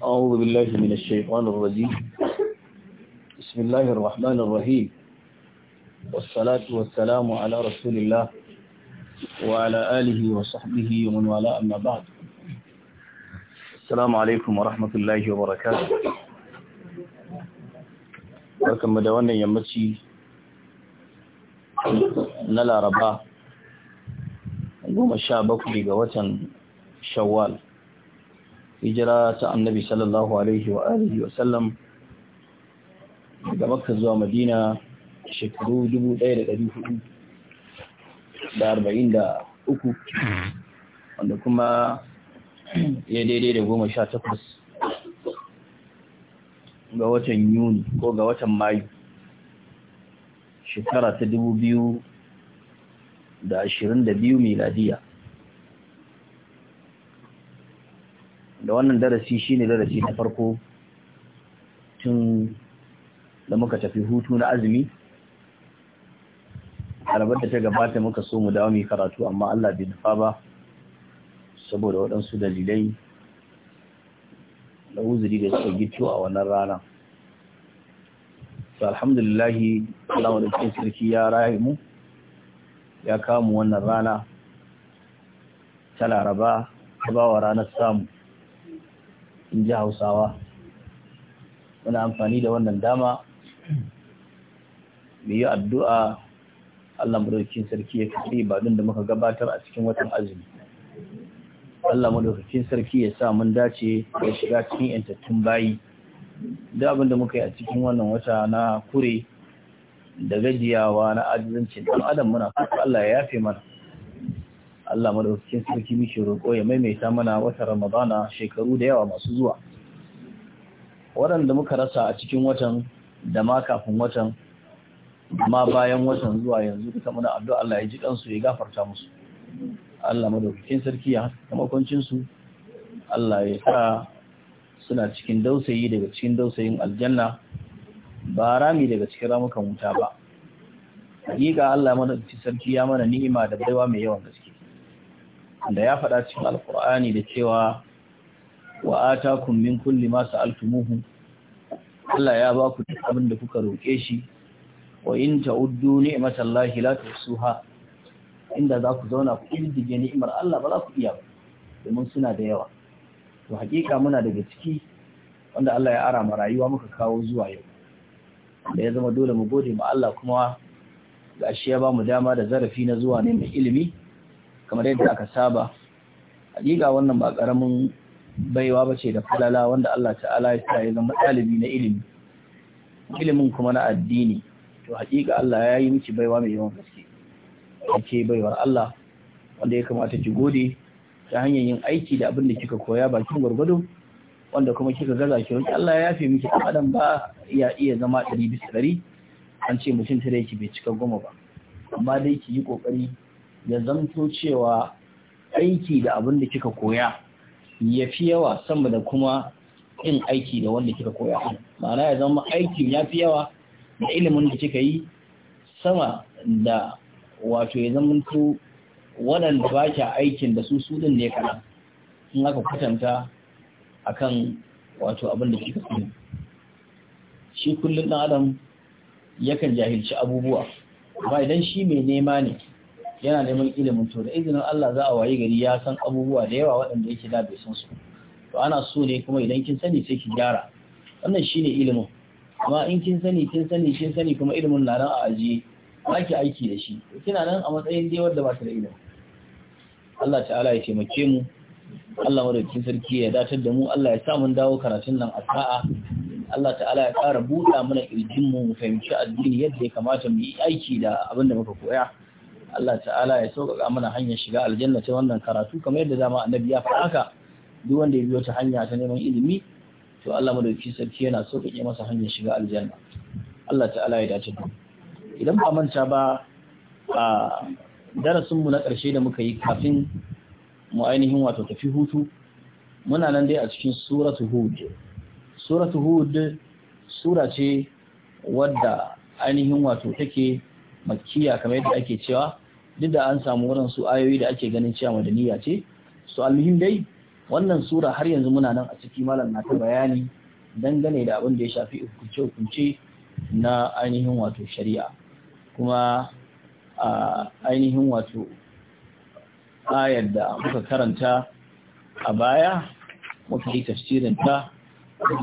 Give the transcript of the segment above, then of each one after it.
أعوذ بالله من الشيطان الرجيم بسم الله الرحمن الرحيم والصلاة والسلام على رسول الله وعلى آله وصحبه ومن والاه أما بعد السلام عليكم ورحمة الله وبركاته barkan da wannan yammaci na laraba goma sha bakwai ga watan shawwal hijira ta annabi sallallahu alaihi wa alihi wa sallam daga makka zuwa madina shekaru 1443 wanda kuma ya daidai da goma sha takwas ga watan yuni ko ga watan mayu shekara ta dubu biyu da ashirin da biyu miladiya da wannan darasi shine darasi na farko tun da muka tafi hutu na azumi harabar da ta gabata muka so mu dawo mu karatu amma Allah bai nufa ba saboda waɗansu dalilai da uzuri da suka gito a wannan rana to alhamdulillah Allah da cikin sarki ya raye mu ya kamu wannan rana ta laraba ta bawa ranar samu in ji hausawa muna amfani da wannan dama mai yi addu'a Allah madaukakin sarki ya fi ibadun da muka gabatar a cikin watan azumi Allah madaukakin sarki ya sa mun dace ya shiga cikin yantattun bayi da abin da muka yi a cikin wannan wata na kure da gajiyawa na ajizancin ɗan adam muna Allah ya yafe mana Allah madaukakin sarki miki roƙo ya maimaita mana watan Ramadana shekaru da yawa masu zuwa. Waɗanda muka rasa a cikin watan da ma kafin watan ma bayan watan zuwa yanzu ta muna addu'a Allah ya ji kansu ya gafarta musu. Allah madaukakin sarki ya haska makoncin su. Allah ya sa suna cikin dausayi daga cikin dausayin aljanna ba rami daga cikin ramukan wuta ba. Hakika Allah madaukakin sarki ya mana ni'ima da baiwa mai yawan gaske. da ya faɗa cikin alkur'ani da cewa wa kun min kulli ma sa'altumuhu Allah ya ba ku duk abin da kuka roƙe shi wa in ta'uddu ni'matallahi la tuhsuha inda za ku zauna ku kirdige ni'imar Allah ba za ku iya ba domin suna da yawa to hakika muna daga ciki wanda Allah ya ara ma rayuwa muka kawo zuwa yau da ya zama dole mu gode ma Allah kuma gashi ya ba mu dama da zarafi na zuwa neman ilimi kamar yadda aka saba hakika wannan ba karamin baiwa bace da falala wanda Allah ta'ala ya sa ya zama ɗalibi na ilimi ilimin kuma na addini to hakika Allah ya yi miki baiwa mai yawan gaske ake baiwar Allah wanda ya kamata ki gode ta hanyar yin aiki da abin da kika koya bakin gwargwado wanda kuma kika gaza ki roki Allah ya yafe miki dan adam ba ya iya zama ɗari bisa ɗari an ce mutum tare ki bai cika goma ba amma dai ki yi ƙoƙari. ya zamto cewa aiki da abin da kika koya ya fi yawa sama da kuma yin aiki da wanda kika koya Mana ya zama aiki ya fi yawa da ilimin da kika yi sama da wato ya zamanto waɗanda ba kya aikin da su su din ne kaɗan in aka kwatanta a kan wato abin da kika koya shi kullum ɗan adam yakan jahilci abubuwa Ba idan shi mai nema ne yana neman ilimin to da izinin Allah za a wayi gari ya san abubuwa da yawa waɗanda yake da bai san su to ana so ne kuma idan kin sani sai ki gyara wannan shine ilimin amma in kin sani kin sani kin sani kuma ilimin na nan a ajiye ba aiki da shi kina nan a matsayin dai wanda ba ta da ilimi Allah ta'ala ya taimake mu Allah madaukakin sarki ya datar da mu Allah ya sa mun dawo karatun nan a sa'a Allah ta'ala ya ƙara buɗa mana ƙirjin mu mu fahimci addini yadda ya kamata mu yi aiki da abinda muka koya Allah ta'ala ya sauƙaƙa mana hanyar shiga aljanna ta wannan karatu kamar yadda dama annabi ya faɗa haka duk wanda ya biyo ta hanya ta neman ilimi to Allah madauki sarki yana sauƙaƙe masa hanyar shiga aljanna Allah ta'ala ya dace da idan ba manta ba a darasin mu na ƙarshe da muka yi kafin mu ainihin wato tafi hutu muna nan dai a cikin suratu hud suratu hud sura ce wadda ainihin wato take makkiya kamar yadda ake cewa duk da an samu wurin su ayoyi da ake ganin cewa madaniya ce su almuhim dai wannan sura har yanzu muna nan a ciki malam na ta bayani dangane da abin da ya shafi hukunce hukunce na ainihin wato shari'a kuma a ainihin wato ayar da muka karanta a baya muka yi tafsirin ta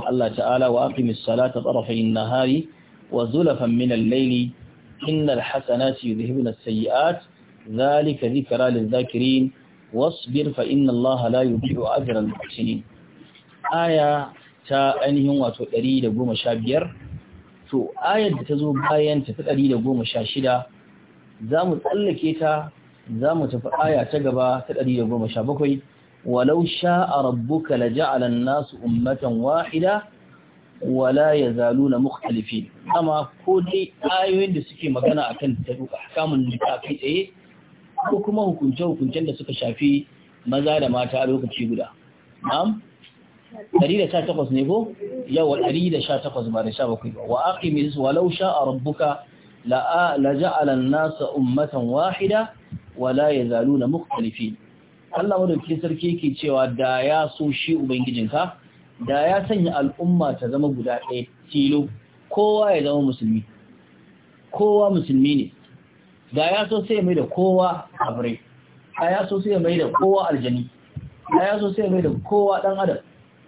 Allah ta'ala wa aqimis salata nahari wa zulafan min al-layli innal hasanati yudhibna as-sayyi'at dhalika dhikra lil-dhakirin wasbir fa inna Allah la yudhi'u ajra al-muhsinin aya ta ainihin wato 115 to ayar da ta zo bayan ta 116 za mu tsallake ta za mu tafi aya ta gaba ta 117 walau sha'a rabbuka laja'ala an-nasu ummatan wahida wala ya zalu na mukhtalifi amma ko dai ayoyin da suke magana akan taruka kamun da kai tsaye ko kuma hukunce-hukuncen da suka shafi maza da mata a lokaci guda na'am 118 ne ko yawa 118 ba da 17 ba wa aqimi walau sha'a rabbuka la la ja'ala an-nasa ummatan wahida wala yazaluna mukhtalifin Allah madaukakin sarki yake cewa da ya so shi ubangijinka da ya sanya al'umma ta zama guda ɗaya tilo kowa ya zama musulmi kowa musulmi ne da ya so sai mai da kowa Abirai. da ya so sai mai da kowa aljani da ya so sai mai da kowa dan adam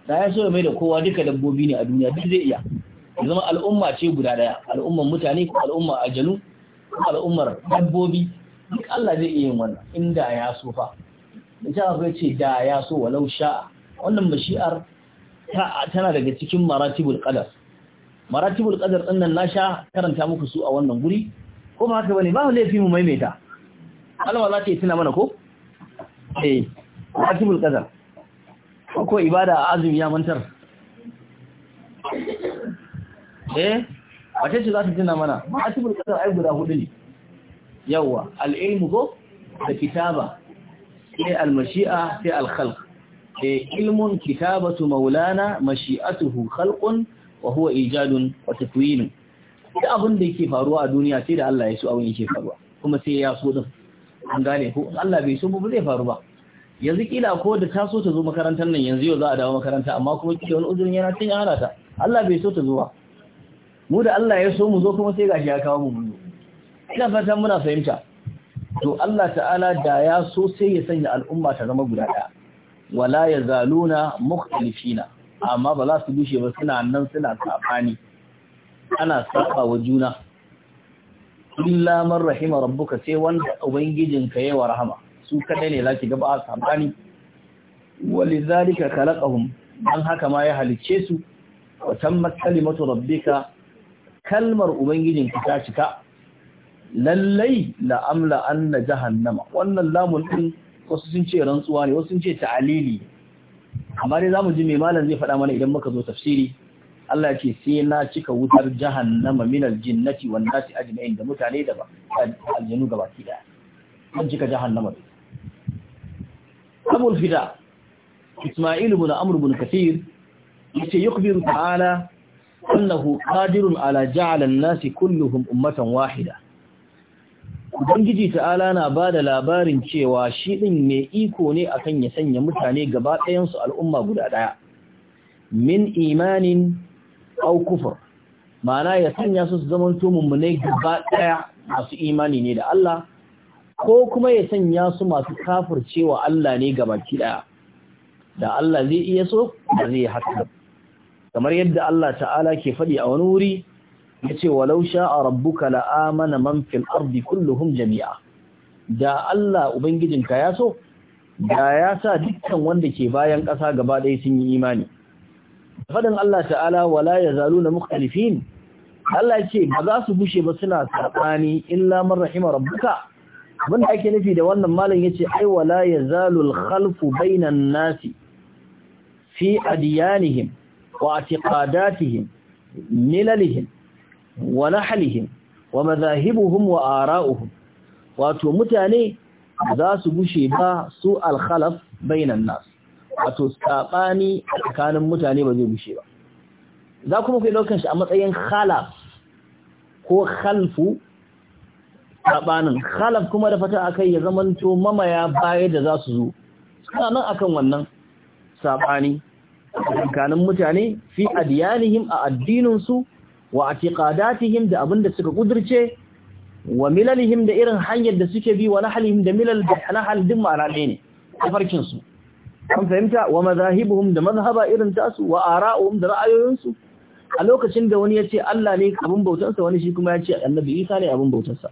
da ya so mai da kowa duka dabbobi ne a duniya duk zai iya ya zama al'umma ce guda ɗaya. al'umman mutane ko al'umma aljanu ko al'ummar dabbobi duk Allah zai iya yin wannan inda ya so fa da ce da ya so walau sha'a wannan mashi'ar tana daga cikin maratibul qadar maratibul qadar din nan na sha karanta muku su a wannan guri ko ba haka bane ba laifi mu maimaita Allah za ta yi tuna mana ko eh maratibul qadar ko ibada a azumi ya mantar eh wace ce za ta tuna mana maratibul qadar ai guda hudu ne yawa al-ilmu go da kitaba sai al-mashi'a sai al-khalq eh ilmun kitabatu maulana mashi'atuhu khalqun wa huwa ijadun wa takwinun duk abin da yake faruwa a duniya sai da Allah ya so abin yake faruwa kuma sai ya so din an gane ko Allah bai so ba zai faru ba yanzu kila ko da ta so ta zo makarantar nan yanzu yau za a dawo makaranta amma kuma kike wani uzurin yana cin yana ta Allah bai so ta zo ba mu da Allah ya so mu zo kuma sai gashi ya kawo mu mu ina fatan muna fahimta to Allah ta'ala da ya so sai ya sanya al'umma ta zama guda ɗaya wala ya zaluna mukhtalifina amma ba za su bushe ba suna nan suna sabani ana saba wa juna illa man rahima rabbuka sai wanda ubangijinka yayi wa rahama su kada ne zaki ga ba sabani walizalika khalaqahum An haka ma ya halice su wa tammat kalimatu rabbika kalmar ubangijinka ta cika lallai la amla anna jahannama wannan lamun din wasu sun ce rantsuwa ne wasu sun ce ta'alili amma dai zamu ji me malam zai faɗa mana idan muka zo tafsiri Allah ce sai na cika wutar jahannama min aljinnati wan nasi ajma'in da mutane da aljinu gabaki da. an cika jahannama Abu al-Fida Isma'il ibn kafir ibn Kathir yace yukhbiru ta'ala annahu kadirun ala ja'alan nasi kulluhum ummatan wahida Ubangiji ta'ala na ba da labarin cewa shi ɗin mai iko ne akan ya sanya mutane gaba ɗayansu al'umma guda ɗaya. Min imanin au kufur, mana ya sanya su su zaman ne gaba ɗaya masu imani ne da Allah, ko kuma ya sanya su masu cewa Allah ne ki ɗaya. Da Allah zai iya so, da zai haka. Kamar yadda Allah ta'ala ke faɗi a wani wuri, yace walau sha'a rabbuka la'amana man fil ardi kulluhum jami'a da Allah ubangijinka ya so da ya sa dukkan wanda ke bayan ƙasa gaba ɗaya sun yi imani fadin Allah ta'ala wala na mukhtalifin Allah ce ba za su bushe ba suna sabani illa lamar rahima rabbuka abin da ake nufi da wannan malam ya ce ai wala ya zalul khalfu bainan nasi fi adiyanihim wa i'tiqadatihim milalihim wa nahlihim wa madhahibuhum wa ara'uhum wato mutane za su gushe ba su al-khalaf bainan nas wato sabani tsakanin mutane ba zai gushe ba za kuma kai daukan shi a matsayin khalaf ko khalfu sabanin khalaf kuma da fata akai ya zamanto mamaya baya da za su zo suna nan akan wannan sabani tsakanin mutane fi adiyanihim a addininsu wa atiqadatihim da abin da suka kudirce wa milalihim da irin hanyar da suke bi wa nahalihim da milal da nahal din ma'ana ne tafarkin su an fahimta wa madahibuhum da mazhaba irin tasu wa ara'uhum da ra'ayoyinsu a lokacin da wani ya ce Allah ne abin sa wani shi kuma ya ce annabi Isa ne abin sa.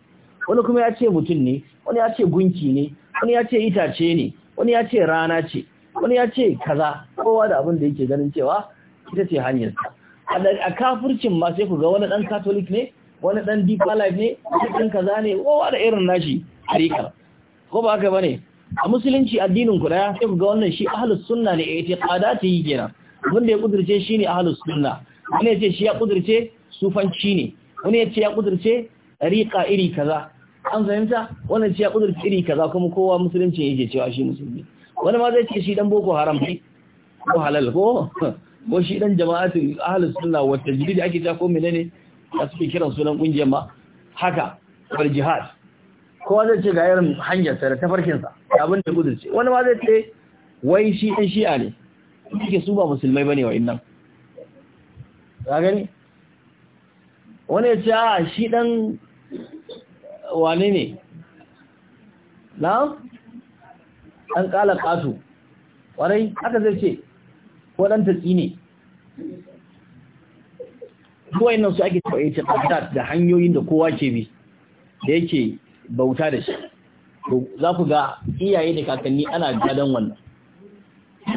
wani kuma ya ce mutum ne wani ya ce gunki ne wani ya ce itace ne wani ya ce rana ce wani ya ce kaza kowa da abin da yake ganin cewa ita ce sa a kafircin ma sai ku ga wani ɗan catholic ne wani ɗan deep life ne wani ɗan kaza ne kowa da irin nashi harikar ko ba haka bane a musulunci addinin ku daya sai ku ga wannan shi ahlus sunna ne eh, i'tiqadati yi kenan wanda ya kudirce shine ahlus sunna wani ce shi ya kudirce sufanci ne wani ce ya kudirce riqa iri kaza an fahimta wannan ce ya kudirce iri kaza kuma kowa musulunci yake cewa shi musulmi wani ma zai ce shi dan boko haram ne ko halal ko ko shi dan jama'atul ahlus sunna wa da ake ta ko menene da suke kiran sunan ƙungiyar ma haka wal jihad kowa zai ce ga irin hanyar tare da tafarkin sa abin da gudu ce wani ma zai ce wai shi dan shi'a ne suke su ba musulmai bane wa innan ka gani wani ya ce a shi dan wane ne na an kala kasu kwarai haka zai ce waɗanta tsine, tatsi yin nan su ake taɓa ce da hanyoyin da kowa ke bi da yake bauta da shi za ku ga iyaye da kakanni ana gadon wannan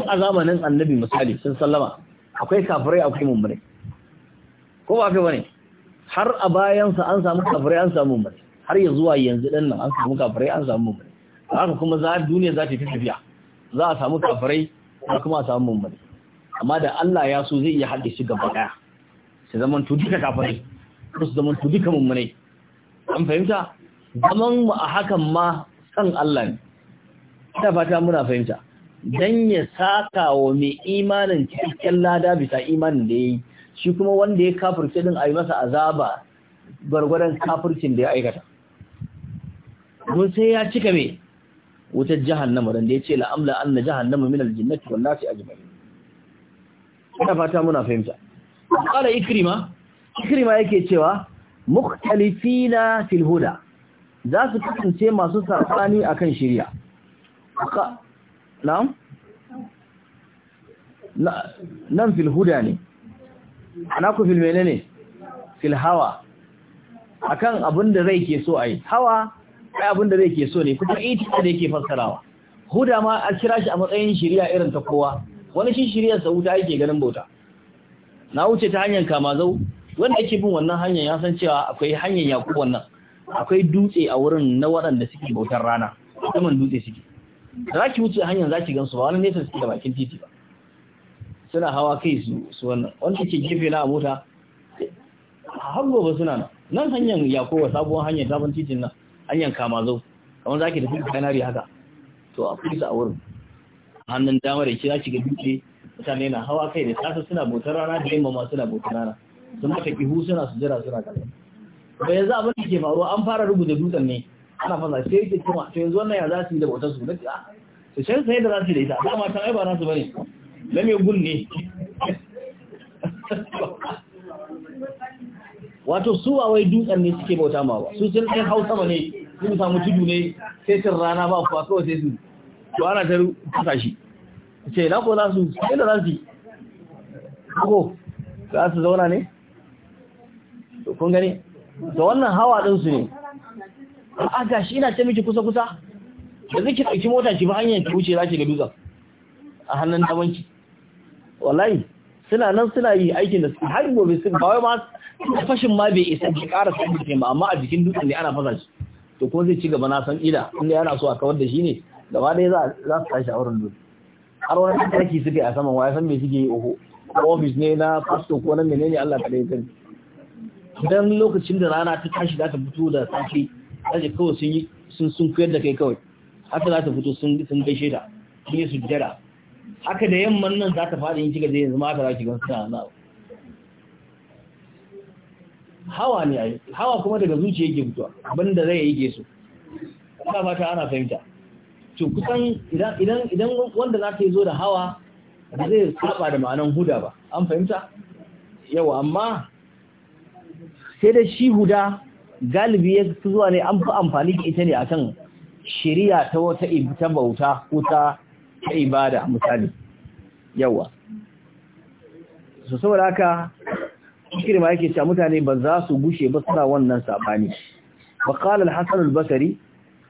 a zamanin annabi misali sun sallama akwai kafirai akwai mummure ko ba kai bane har a bayansa an samu kafirai an samu mummure har ya zuwa yanzu ɗin nan an samu kafirai an samu mummure haka kuma za duniya za ta fi tafiya za a samu kafirai kuma a samu mummure amma da Allah ya so zai iya haɗe shi gaba ɗaya su zaman tu duka kafirai ko su zaman tu duka mummunai an fahimta zaman mu a hakan ma kan Allah ne ina fata muna fahimta dan ya saka wa mai imanin cikakken lada bisa imanin da ya yi. shi kuma wanda ya kafirce din a yi masa azaba gwargwadon kafircin da ya aikata mun sai ya cika me wutar jahannama dan da ya yace la na anna jahannama min aljinnati shi a ajma'in ina fata muna fahimta qala ikrima ikrima yake cewa mukhtalifina fil huda za su kasance masu sabani akan shari'a na'am nan fil huda ne ana ku fil menene fil hawa akan abin da rai ke so ai hawa kai abin da rai ke so ne kuma ita da yake fassarawa huda ma a kira shi a matsayin shari'a irin ta kowa wani shi shirya sa wuta yake ganin bauta na wuce ta hanyar kamazau wanda yake bin wannan hanyar ya san cewa akwai hanyar yaku wannan akwai dutse a wurin na waɗanda suke bautar rana saman dutse suke da za ki wuce hanyar za ki gansu ba wani nesa suke da bakin titi ba suna hawa kai su su wannan wanda ke gefe na a mota har gobe suna nan nan hanyar ba sabuwar hanyar sabon titin nan hanyar kamazau kamar za ki tafi kanari haka to a kusa a wurin hannun dama da shi za shiga dutse mutane na hawa kai da safe suna botar rana da yamma ma suna botar rana sun mata kihu suna su jira suna kallon ba yanzu abin da ke faruwa an fara rubuta dutsen ne ana fasa sai yake kuma to yanzu wannan ya za su yi da botar su nace ah to sai da za su yi da ita dama ta ai ba su bane na me gun ne wato su a wai dutsen ne suke bauta ma ba su sun kai hausa ba ne sun samu tudu ne sai cin rana ba kuwa kawai sai su to ana ta kasa shi ce na ko za su sai da zasu ko za su zauna ne to kun gani To wannan hawa din su ne a ga shi ina ta miki kusa kusa da zai ki dauki mota ki ba hanyar ki wuce za ki ga dutsen a hannun damanki wallahi suna nan suna yi aikin da su har gobe su ba wai ma fashin ma bai isa ki ƙara san ba amma a jikin dutsen ne ana fasa shi to ko zai ci gaba na san ida inda yana so a kawar da shi ne gaba ɗaya za su tashi a wurin dole har wani ɗaki suke a saman Ya san me suke yi oho ofis ne na pastor ko na menene Allah ka dai sani dan lokacin da rana ta tashi za ta fito da safi za ta kawai sun yi sun sun koyar da kai kawai haka za ta fito sun sun gaishe ta sun yi sujjada haka da yamman nan za ta fara yin kiga zai yanzu ma haka za ki suna na hawa ne ai hawa kuma daga zuciya yake fitowa abinda zai yi ke so ina fata ana fahimta to kusan idan idan wanda za ka zo da hawa ba zai saba da ma'anan huda ba an fahimta yawa amma sai da shi huda galibi ya fi zuwa ne an fi amfani da ita ne a kan shirya ta wata ta bauta ko ta ta ibada misali yawa so saboda haka kirma yake cewa mutane ba za su gushe ba suna wannan sabani ba qala al-hasan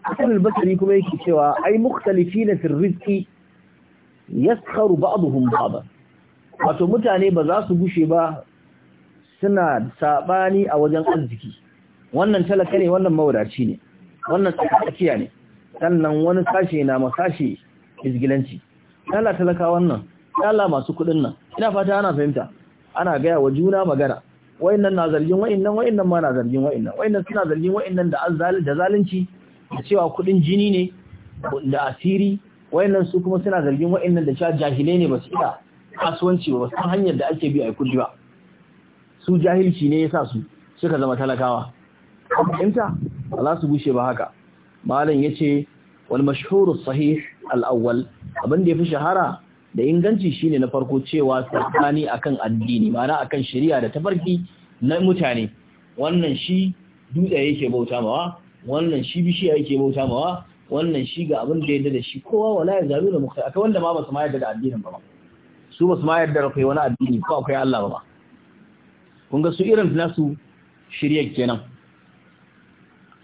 Hassan al-Basri kuma yake cewa ai mukhtalifina fi rizqi yaskharu ba'dhum ba'd wato mutane ba za su gushe ba suna sabani a wajen arziki wannan talaka ne wannan mawadaci ne wannan tsakiya ne sannan wani sashe na masashe izgilanci Allah talaka wannan Allah masu kudin nan ina fata ana fahimta ana gaya wa juna magana wayannan na zargin wayannan wayannan ma na zargin wayannan wayannan suna zargin wayannan da da zalunci da cewa kudin jini ne da asiri wayannan su kuma suna zargin wayannan da cewa jahilai ne ba su iya kasuwanci ba san hanyar da ake bi a kudi ba su jahilci ne yasa su suka zama talakawa fahimta Allah su bushe ba haka malam yace wal mashhur sahih al awwal abin da yafi shahara da inganci shine na farko cewa tsakani akan addini mana akan shari'a da tafarki na mutane wannan shi dutse yake bauta mawa wannan shi bishiya yake bauta mawa wannan shi ga abin da ya da shi kowa wala ya zaru da mukhtar akwai wanda ma ba su ma yadda da addinin ba ba? su ba su ma yadda akwai wani addini ko akwai Allah ba kun ga su irin na su shirye kenan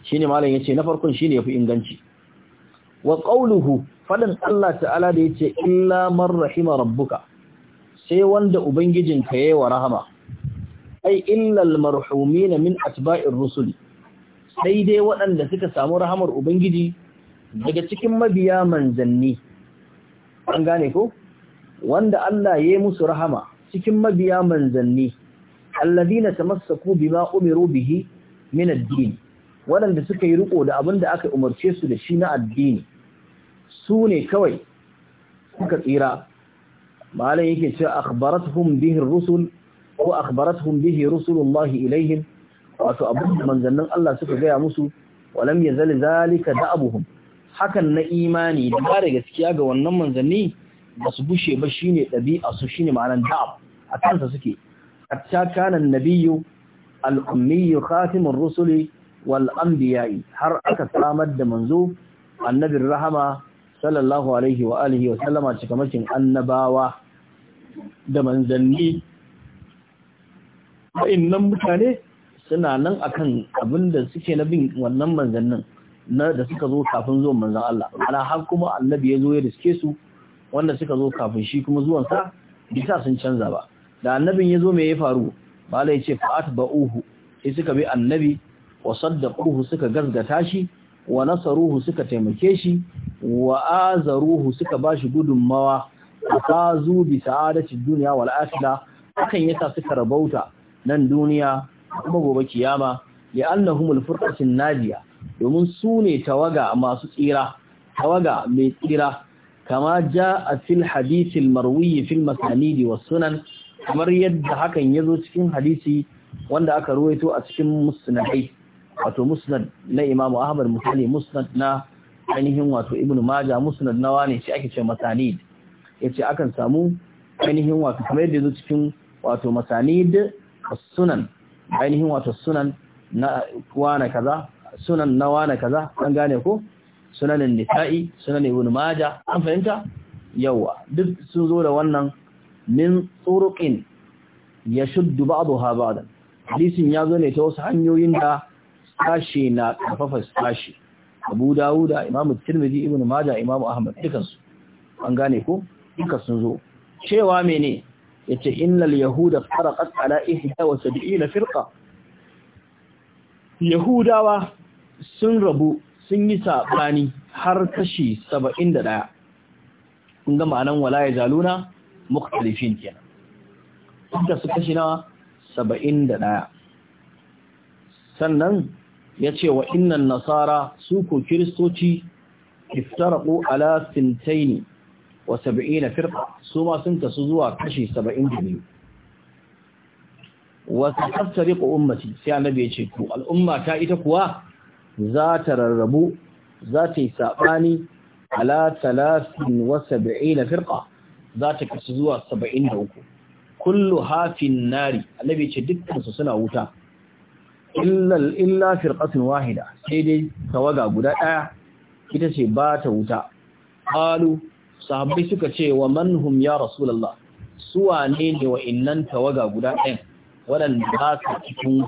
shine malam yace na farkon shine yafi inganci wa qawluhu falan Allah ta'ala da yace illa man rahima rabbuka sai wanda ubangijinka yayi wa rahama ai illal marhumina min atba'ir rusuli sai dai waɗanda suka samu rahamar Ubangiji daga cikin mabiya manzanni. An gane ko? Wanda Allah ya yi musu rahama cikin mabiya manzanni, alladina tamassaku bima umiru bihi min addini, waɗanda suka yi riƙo da abin da aka umarce su da shi na addini. Su ne kawai suka tsira. Malam yake cewa hum bihi rusul ko hum bihi rusulullahi ilaihim wato abin da manzannin Allah suka gaya musu walam ya zali zalika da abuhum hakan na imani da ba da gaskiya ga wannan manzanni ba su bushe ba shine ɗabi'a su shine ma'anar da'ab a kansa suke hatta kana nabiyyu al-ummiyyu rusuli wal anbiya'i har aka samar da manzo annabin rahama sallallahu alaihi wa alihi wa sallama cikamakin annabawa da manzanni nan mutane suna nan akan abin da suke na bin wannan manzannin na da suka zo kafin zuwan manzan Allah Ana har kuma annabi ya zo ya riske su wanda suka zo kafin shi kuma zuwan sa bisa sun canza ba da annabin ya zo mai ya faru bala ya ce fa'at ba'uhu sai suka bi annabi wa saddaquhu suka gazgata shi wa nasaruhu suka taimake shi wa azaruhu suka bashi gudunmawa fazu bi sa'adati dunya wal akhirah hakan yasa suka rabauta nan duniya kuma gobe kiyama li'annahumul furqatun najiya domin su ne tawaga masu tsira tawaga mai tsira kama ja a fil hadithil marwi fil masanidi was sunan kamar yadda hakan yazo cikin hadisi wanda aka ruwaito a cikin musnadai wato musnad na Imam Ahmad misali musnad na ainihin wato Ibn Majah musnad na wane shi ake ce masanid yace akan samu ainihin wato kamar yadda yazo cikin wato masanid as-sunan ainihin wato sunan na wane kaza sunan na wane kaza an gane ko sunanin nisa'i sunanin ibn Maja. an fahimta yawa duk sun zo da wannan min turuqin yashuddu ba'daha ba'dan hadisin ya zo ne ta wasu hanyoyin da sashi na kafafa sashi Abu Dawud da Imam Tirmidhi Ibn Majah Imam Ahmad dukansu an gane ko duka sun zo cewa mene yace innal yahuda farqat ala 71 firqa yahudawa sun rabu sun yi sabani har kashi 71 kun ga ma'anan wala yazaluna mukhtalifin kenan da su kashi nawa 71 sannan yace wa innan nasara su ko kristoci iftaraku ala sintaini wa sab'ina firqa su ma sun kasu zuwa kashi 72 wa taftariqu ummati sai annabi ya ce ku al'umma ta ita kuwa za ta rarrabu za ta yi sabani ala 73 firqa za ta kasu zuwa uku. kullu hafin nari annabi ya ce dukkansu suna wuta illa firqatun wahida sai dai tawaga guda ɗaya, ita ce ba ta wuta qalu sahabbai suka ce wa manhum ya rasulullah suwa ne ne wa innan tawaga guda ɗayan waɗanda za su cikin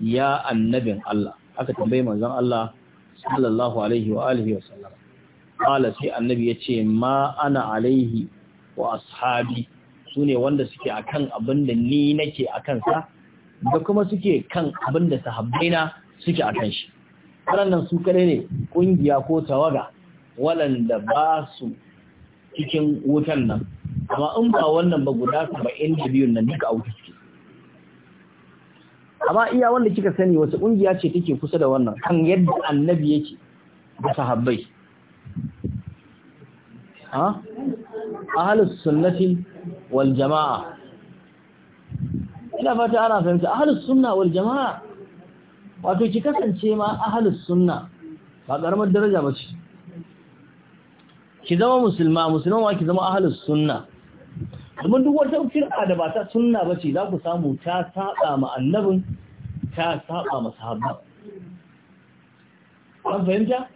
ya annabin Allah aka tambaye manzon Allah sallallahu alaihi wa alihi wa sallam qala sai annabi yace ma ana alaihi wa ashabi sune wanda suke akan abin da ni nake akan sa da kuma suke kan abin da sahabbaina suke akan shi waɗannan su kare ne ƙungiya ko tawaga waɗanda ba su cikin wutan nan amma in ba wannan ba guda saba'in da nan duka a wuta suke amma iya wanda kika sani wasu ƙungiya ce take kusa da wannan kan yadda annabi yake da sahabbai ha ahlus sunnati wal jama'a ina fata ana fahimta ahlus sunna wal jama'a wato ki kasance ma ahlus sunna ba karamar daraja ba ce ki zama musulma musulman wa ki zama ahlus sunna amma duk wata fir'a da ba ta sunna ba ce za ku samu ta saba ma annabin ta saba ma sahabba an fahimta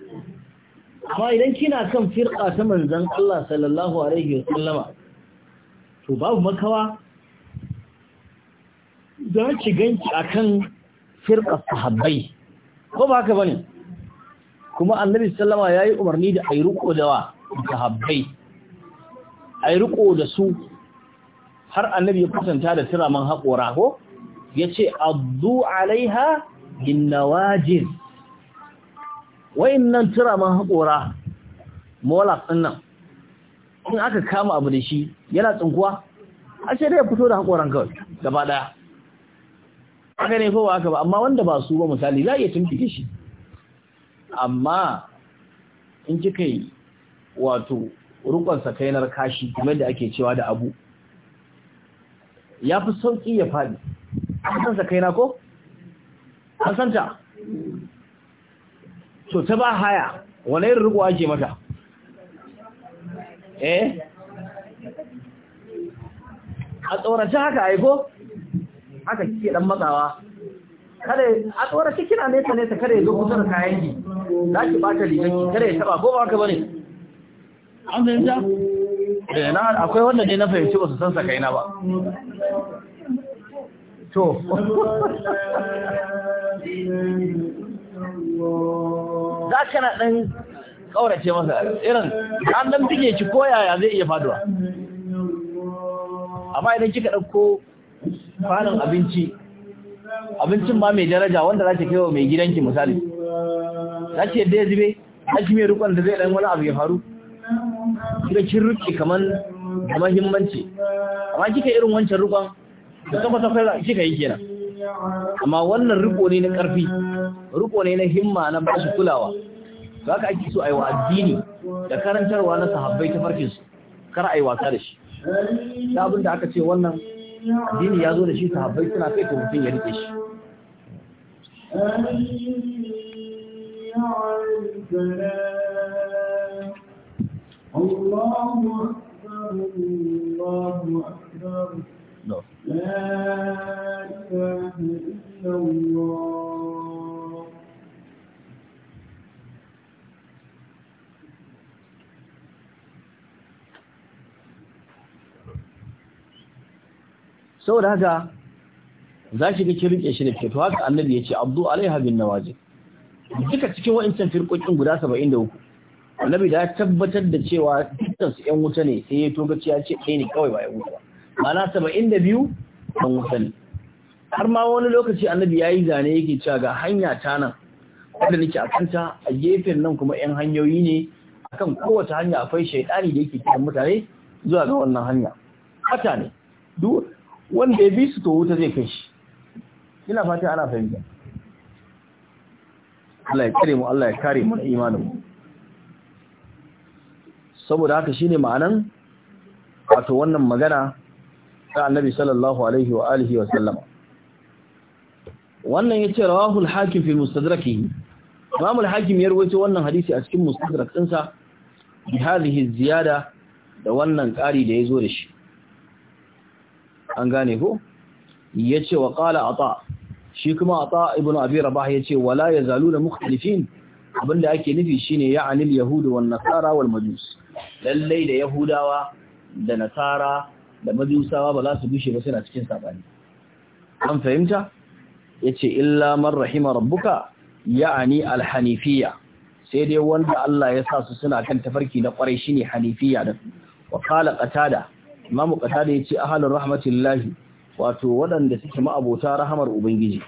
amma idan kina kan firqa ta manzon Allah sallallahu alaihi wasallama to babu makawa za ki ganki akan firqa sahabbai ko ba haka bane kuma annabi sallama yayi umarni da ayi dawa da wa sahabbai ai riko da su har annabi ya kusanta da turaman haƙora ko yace addu alaiha bin wa wayannan tiraman haƙora molas nan in aka kama abu da shi yana tsinkuwa a sai dai fito da haƙoran kawai gaba daya aka ne kowa aka ba amma wanda ba su ba misali za a iya shi amma in kika yi wato rukonsa kainar kashi kamar da ake cewa da abu ya fi sauƙi ya faɗi an sa kaina ko? kasanta ta so ta ba haya wane yin riko ake mata eh a tsorace haka aiko haka kike dan matsawa kada a tsorace kina nesa nesa kada ya zo kusa kayan ki za ki bata rigar ki kada ya taba ko ba ka bane an fahimta? eh na akwai wanda ne na fahimci ba su san sakaina ba to za ka na ɗan ƙaurace masa irin an ɗan bige ci ko yaya zai iya faduwa amma idan kika ɗauko fanin abinci abincin ba mai daraja wanda za ka kai wa mai gidanki misali za ka yadda ya zube za ka mai rukon da zai ɗan wani abu ya faru kika kin rike kaman muhimmanci amma kika irin wancan rukon da kwata kwata kika yi kenan amma wannan ruko ne na karfi riko ne na himma na bashi kulawa to haka ake so ayi wa addini da karantarwa na sahabbai ta farkin su kar ayi wasa da shi da abin da aka ce wannan addini ya zo da shi sahabbai suna kai ta mutum ya rike shi الله أكبر الله haka za ki ga shi da ke to haka annabi ya ce abdu alaiha bin waje duka cikin wa'incan firƙoƙin guda 73 annabi da ya tabbatar da cewa dukkan su yan wuta ne sai ya toga ya ce ɗaya ne kawai ba ya wuta ma'ana saba'in da biyu ɗan wuta ne har ma wani lokaci annabi ya yi zane yake cewa ga hanya ta nan wanda nake a kanta a gefen nan kuma yan hanyoyi ne akan kowace hanya akwai shaidani da yake kiran mutane zuwa ga wannan hanya hata ne duk wanda ya bi su to wuta zai kai shi ina fata ana fahimta Allah ya kare mu Allah ya kare mu imanin mu saboda haka shine ma'anan wato wannan magana ta annabi sallallahu alaihi wa alihi wa sallama wannan ya ce al-hakim fi mustadrakihi imam al-hakim ya rawaito wannan hadisi a cikin mustadrak ɗinsa bi hadhihi ziyada da wannan ƙari da ya zo da shi an gane ko yace wa qala ata shi kuma ata ibn abi rabah ce, wala yazaluna mukhtalifin abinda ake nufi shine ya al-yahud wan nasara wal majus lallai da yahudawa da nasara da majusawa ba za su gushe ba suna cikin saɓani. an fahimta ya ce illa man rahima rabbuka ya'ani ani hanifiyya sai dai wanda Allah ya sa su suna kan tafarki na kwarai shine hanifiya da wa qala qatada ya ce yace ahlur rahmatullahi, wato waɗanda suke ma'abota rahamar ubangiji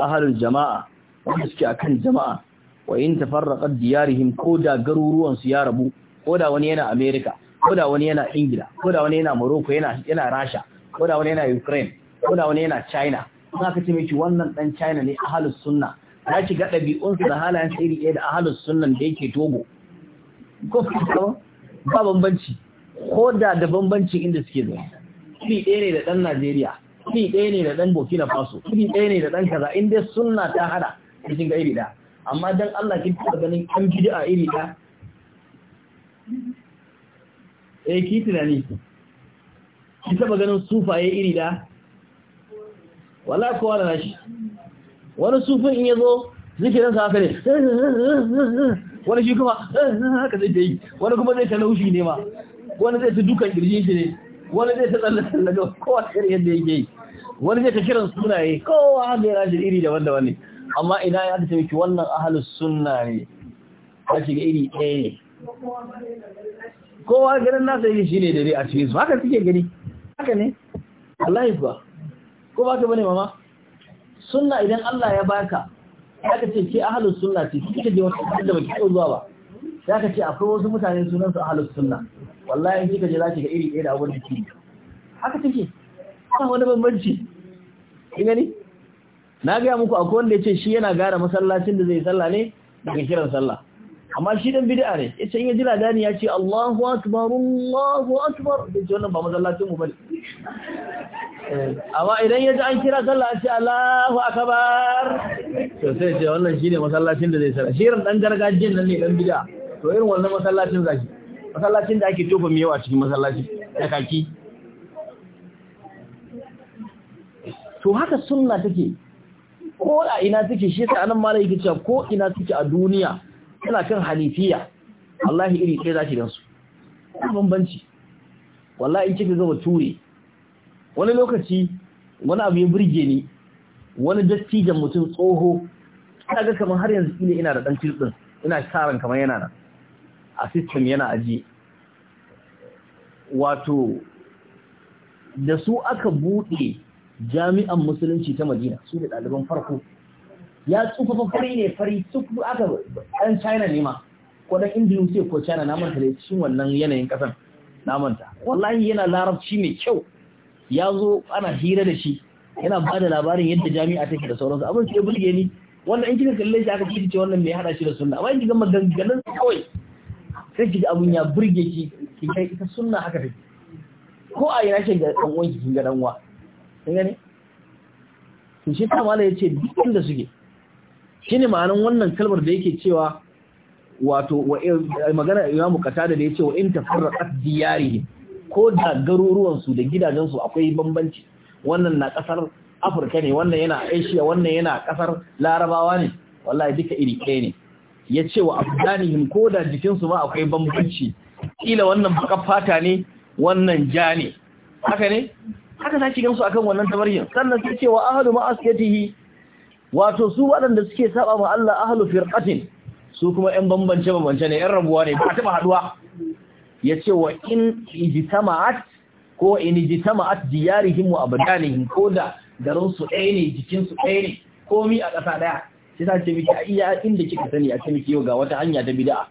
ahalin jama'a wanda suke akan jama'a wa in tafarraqat diyarihim ko da garuruwan su ya rabu ko da wani yana Amerika, ko da wani yana Ingila, ko da wani yana Morocco yana yana Rasha, ko da wani yana Ukraine, ko da wani yana China. In aka ce miki wannan dan China ne ahlus sunna, za ki ga ɗabi'unsu da halayen iri ɗaya da ahlus sunnan da yake Togo. Ko ba bambanci, ko da da bambanci inda suke zuwa. Iri ɗaya ne da ɗan Najeriya, iri ɗaya ne da ɗan Burkina Faso, iri ɗaya ne da ɗan kaza, in dai sunna ta hada, kin ga iri ɗaya. Amma dan Allah kin taɓa ganin ɗan bid'a iri ɗaya, eh ki tunani ki taba ganin sufaye iri da wala kowa wala nashi wani sufin in yazo zikirin sa haka ne wani shi kuma haka zai yi wani kuma zai ta laushi ne ma wani zai ta dukan kirjin shi ne wani zai ta tsalle tsalle ga kowa kar yadda yake yi wani zai ta kiran sunaye kowa haka ya shi iri daban daban ne amma ina ya ta miki wannan ahlus sunna ne ka shiga iri ɗaya ne kowa ganin nasa yi ne dare a cikin su haka suke gani haka ne Allah kuwa ko ba ka bane mama sunna idan Allah ya baka aka ce ke ahlus sunna ce kike je wata da baki ko zuwa ba sai ka ce akwai wasu mutane sunan su ahlus sunna wallahi in kika je ki ga iri ɗaya da abun da Haka haka take ba wani bambanci kin gani na ga muku akwai wanda yace shi yana gara masallacin da zai sallah ne daga kiran sallah amma shi dan bid'a ne yace in ya ji dani ya ce Allahu akbar Allahu akbar da jona ba masallacin mu bane eh, amma idan ya ji an kira sallah ya ce Allahu akbar to sai ce wannan shine masallacin da zai sara shirin dan gargajiyan nan ne dan bid'a to irin wannan masallacin zaki masallacin da ake tofa miyawa cikin masallaci Ya kaki to haka sunna take ko a ina take shi ta anan malai yake cewa ko ina take a duniya tana kan halifiya wallahi iri ɗaya za ki gansu ba bambanci wallahi in kika zama ture wani lokaci wani abu ya burge ni wani dattijan mutum tsoho ina ga kamar har yanzu ina ina da dan kirɗin ina karan kamar yana nan a system yana ajiye wato da su aka buɗe jami'an musulunci ta madina su da ɗaliban farko ya tsufa fari ne fari tsufu aka ɗan china ne ma ko indiya indonesia ko china na manta da cikin wannan yanayin ƙasan na manta wallahi yana larabci mai kyau ya zo ana hira da shi yana ba da labarin yadda jami'a take da sauransu abin ya burge ni wannan in kika kalle shi aka kiti ce wannan mai hada shi da sunna amma in kika maganganun kawai sai kika abun ya burge ki ki kai ita sunna haka take ko a yana shi dan uwan ki ga dan uwa kin gane to shi ta mala yace duk inda suke ne ma'anin wannan kalmar da yake cewa wato wa magana Imam Qatada da ce wa in tafarraqat diyarihim ko da garuruwan su da gidajen su akwai bambanci wannan na kasar Afirka ne wannan yana Asia wannan yana kasar Larabawa ne wallahi duka iri ɗaya ne Ya ce wa afdanihim ko da jikin su ma akwai bambanci kila wannan baka fata ne wannan ja ne haka ne haka zaki gansu akan wannan tabaryin sannan sai ce wa ahadu ma asyatihi wato su waɗanda suke saba ma Allah ahlu firqatin su kuma ƴan bambance bambance ne ƴan rabuwa ne ba taɓa haduwa yace wa in ijtama'at ko in ijtama'at diyarihim wa abdanihim ko da garin su ɗaya ne jikin su ɗaya ne komi a ƙasa ɗaya sai ta ce miki a iya inda kika sani a ce miki yau ga wata hanya ta bid'a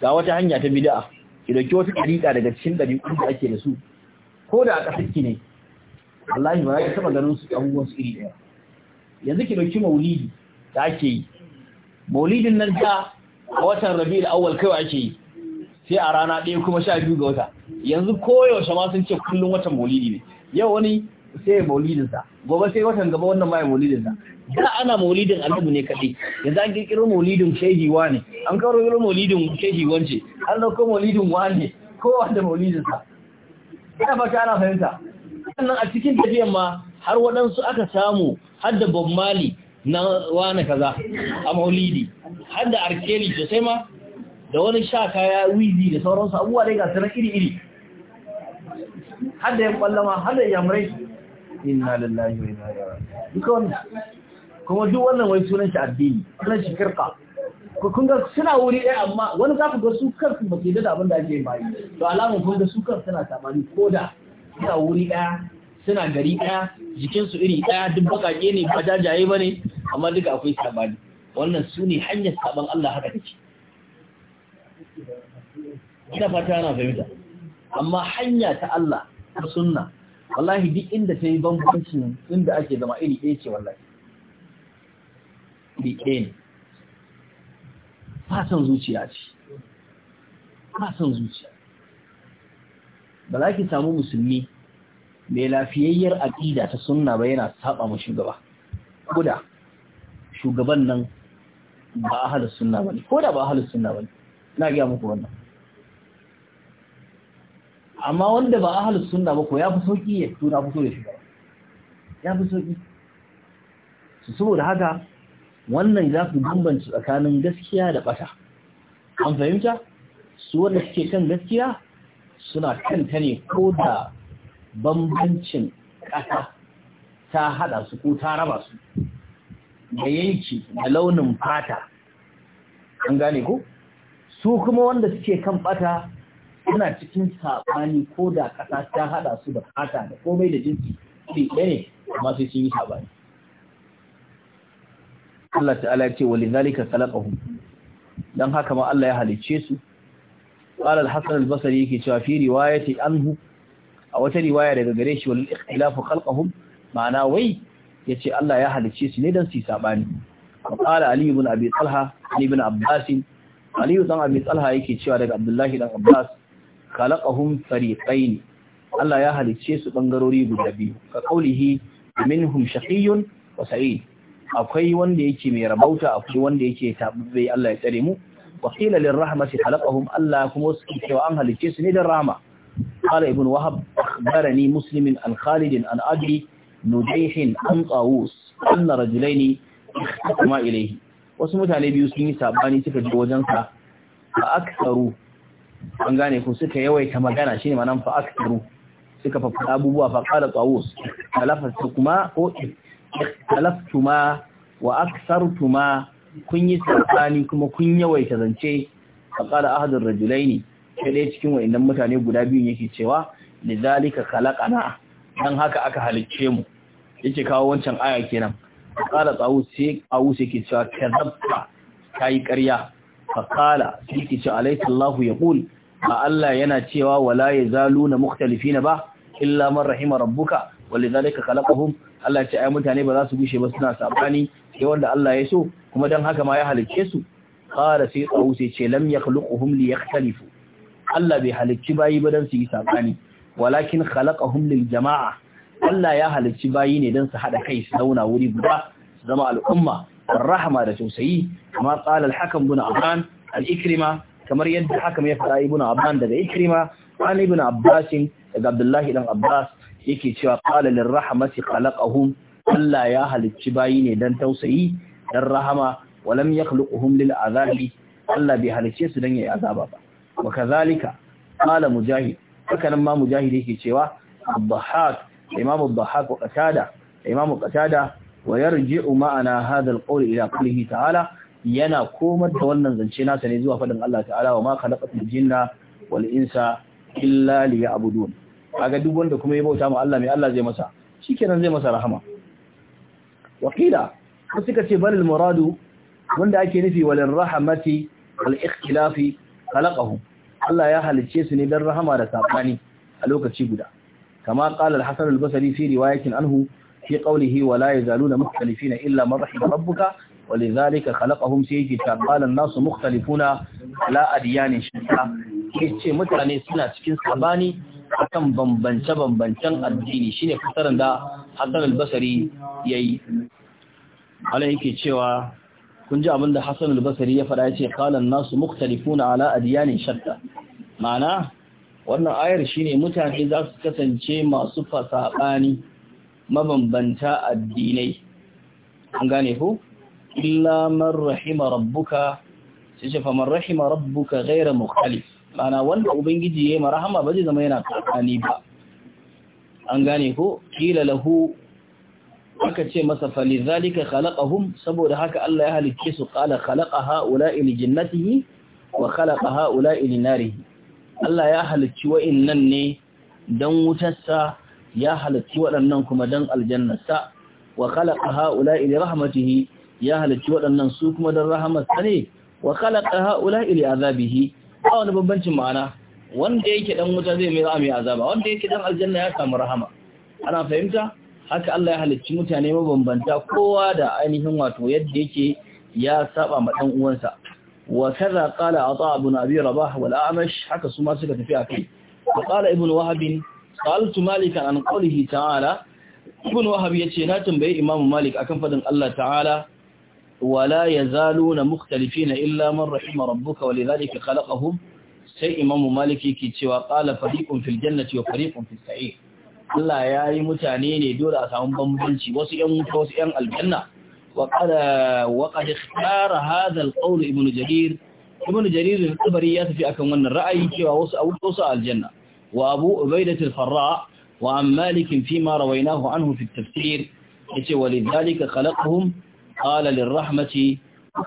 ga wata hanya ta bid'a ki dauki wata dariƙa daga cikin dariƙun da ake da su ko da a ƙasar ki ne wallahi ba za ki taɓa ganin su abubuwan su iri ɗaya yanzu ki dauki maulidi da ake yi maulidin nan ta a watan da awal kai ake yi sai a rana ɗaya kuma sha biyu ga wata yanzu koyaushe ma sun ce kullum watan maulidi ne yau wani sai maulidinsa gobe sai watan gaba wannan mai maulidinsa da ana maulidin annabi ne kaɗai yanzu an kirkiro maulidin shehi ne an kawo kirkiro maulidin shehi wance an dauko maulidin wane kowa da maulidinsa ina fata ana fahimta sannan a cikin tafiyan ma har waɗansu aka samu hadda bob mali na wani kaza a maulidi hadda arkeli sosai ma da wani sha kaya wizi da sauransu abubuwa dai ga sanar iri-iri hadda yan kwallama hadda yamurai inna lillahi wa inna ilaihi kuma duk wannan wai sunan shi addini sunan shi kirka ko kun ga suna wuri ɗaya amma wani za ku ga su kansu ba ke da abin da ake yi to alamun kun ga su kansu suna samani ko da suna wuri ɗaya suna gari ɗaya jikinsu iri ɗaya duk baƙaƙe ne ba jajaye ba ne amma duka akwai sabani wannan su ne hanyar saban Allah haka take ina fata yana fahimta amma hanya ta Allah ta sunna wallahi duk inda ta yi bambancin inda ake zama iri ɗaya ce wallahi iri ɗaya ne fasan zuciya ce fasan zuciya ba za ki samu musulmi mai lafiyayyar aƙida ta sunna ba yana saba mu shugaba koda shugaban nan ba ahalus sunna bane koda ba ahalus sunna bane ina ga muku wannan amma wanda ba ahalus sunna ba ko ya fi sauki ya tura fito da shugaba ya fi sauki su saboda haka wannan za ku bambanci tsakanin gaskiya da bata an fahimta su wanda suke kan gaskiya suna kanta ne ko da bambancin ƙasa ta haɗa su ko ta raba su da yanki da launin fata an gane ko su kuma wanda suke kan bata suna cikin saɓani ko da ƙasa ta haɗa su da fata da komai da jinsi ne ɗaya ne amma sai sun yi saɓani Allah ta'ala ya ce wa lidhalika khalaqahum Don haka ma Allah ya halice su qala al-hasan al-basri yake cewa fi riwayati anhu a wata riwaya daga gare shi wal ikhtilafu khalqahum ma'ana wai yace Allah ya halicce su ne dan su sabani qala ali ibn abi talha ali ibn abbas ali ibn abi talha yake cewa daga abdullahi dan abbas khalaqahum ne. Allah ya halicce su bangarori guda biyu ka kaulihi minhum shaqiyyun wa sa'id akwai wanda yake mai rabauta akwai wanda yake tabbai Allah ya tsare mu wa qila lirrahmati khalaqahum Allah kuma su cewa an halicce su ne dan rahma قال ابن وهب أخبرني مسلم عن خالد عن أبي نجيح عن طاووس أن رجلين اختتما إليه وسمت عليه بيوسيني ساباني سكت وجنسا فأكثروا an gane ku suka yawaita magana shine manan fa aktaru suka fafa abubuwa fa qala tawus talafatu kuma ko talaftuma wa akthartuma kun yi tsakani kuma kun yawaita zance fa Ahadin ahadur rajulaini sai dai cikin wa'annan mutane guda biyu yake cewa zalika khalaqana dan haka aka halicce mu yake kawo wancan aya kenan qala tsawu sai sai ke cewa kadabta kai ƙarya fa qala sai ke cewa alayhi allahu yaqul ba Allah yana cewa wala yazaluna mukhtalifin ba illa man rahima rabbuka walizalika khalaqahum Allah ya ce ai mutane ba za su gushe ba suna sabani sai wanda Allah ya so kuma dan haka ma ya halicce su qala sai tsawu sai ce lam yakhluquhum liyakhtalifu Allah bai halicci bayi ba don su yi saɓani walakin khalaqahum lil jama'a Allah ya halicci bayi ne don su haɗa kai su zauna wuri guda su zama al'umma rahama da tausayi kama hakan al bin Abban al-Ikrima kamar yadda hakam ya fara ibn Abban daga Ikrima an ibn Abbas daga Abdullah ibn Abbas yake cewa qala lir rahmati khalaqahum Allah ya halicci bayi ne don tausayi don rahama walam yakhluquhum lil azabi Allah bai halicce su don yayi azaba ba wa kazalika mujahid haka ma mujahid yake cewa abdahak imam abdahak wa qatada imam qatada wa yarji'u ma'ana hadha alqawl ila qawlihi ta'ala yana komar da wannan zance nasa ne zuwa fadin Allah ta'ala wa ma khalaqatul jinna wal insa illa liya'budun kaga duk wanda kuma ya bauta ma Allah mai Allah zai masa shikenan zai masa rahama wakila ko suka ce balil muradu wanda ake nufi walin rahamati wal ikhtilafi khalaqahu Allah ya halicce su ne don rahama da sabani a lokaci guda kama qala al-hasan al-basri fi riwayatin anhu fi qawlihi wa la yazaluna mukhtalifina illa man rahima rabbuka ولذلك خلقهم سيجي قال الناس مختلفون على اديان شتى yace mutane suna cikin sabani akan bambance bambancen addini shine fasaran da Hassan al-Basri yayi Allah yake cewa kun ji abinda Hassan al-Basri ya fada yace qala an-nasu mukhtalifuna ala adyanin shatta ma'ana wannan ayar shine mutane za su kasance masu fasaɓani mabambanta addinai an gane ku illa man rahima rabbuka sai ce faman rahima rabbuka ghaira mukhalif ma'ana wanda ubangiji yayi marhama ba zai zama yana tsakani ba an gane ko kila lahu aka ce masa falizalika khalaqahum saboda haka Allah ya halicce su qala khalaqa haula'i li jannatihi wa khalaqa haula'i li narihi Allah ya halicci wa'innan ne don wutarsa ya halicci waɗannan kuma don aljannarsa wa kalaƙa ha’ula li rahamatihi ya halicci waɗannan su kuma don rahamarsa ne wa kalaƙa ha’ula azabihi a wani babbancin ma'ana wanda yake dan wuta zai mai mai azaba wanda yake dan aljanna ya samu rahama ana fahimta haka Allah ya halicci mutane mabambanta kowa da ainihin wato yadda yake ya saba ma ɗan uwansa وكذا قال عطاء بن أبي رباح والأعمش حكى سماسك تفيع فيه وقال ابن وهب سألت مالكا عن قوله تعالى ابن وهب يتشينات بي إمام مالك أكن فدن الله تعالى ولا يزالون مختلفين إلا من رحم ربك ولذلك خلقهم sai imamu maliki ke cewa qala fariqun fil jannati wa fariqun fis sa'ir Allah yayi mutane ne dole a samu bambanci wasu ƴan wuta wasu ƴan aljanna وقد وقد اختار هذا القول ابن جرير ابن جرير الطبري يتفي أكم من الرأي ووسع الجنة وأبو عبيدة الفراء وعن مالك فيما رويناه عنه في التفسير ولذلك خلقهم قال للرحمة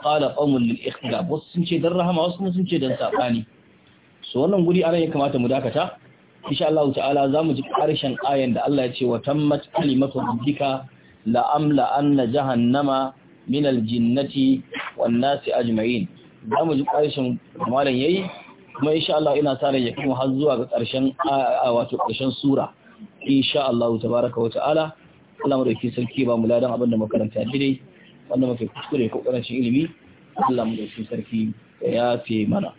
قال قوم للاختلاف وسنشي درهم وسنشي دن ساقاني سوالا نقولي أنا يكما تمداكتا إن شاء الله تعالى زامج قارشا آيا دا الله يتي وتمت كلمة ربك la'amla anna jahannama min aljinnati wan nasi ajma'in zamu ji karshen malam yayi kuma insha Allah ina sa ran ya kuma har zuwa ga karshen wato karshen sura insha Allah tabaaraka wa ta'ala Allah mu dauki sarki ba mu ladan abin da makaranta dai wanda muke kuskure ko karancin ilimi Allah mu dauki sarki ya fi mana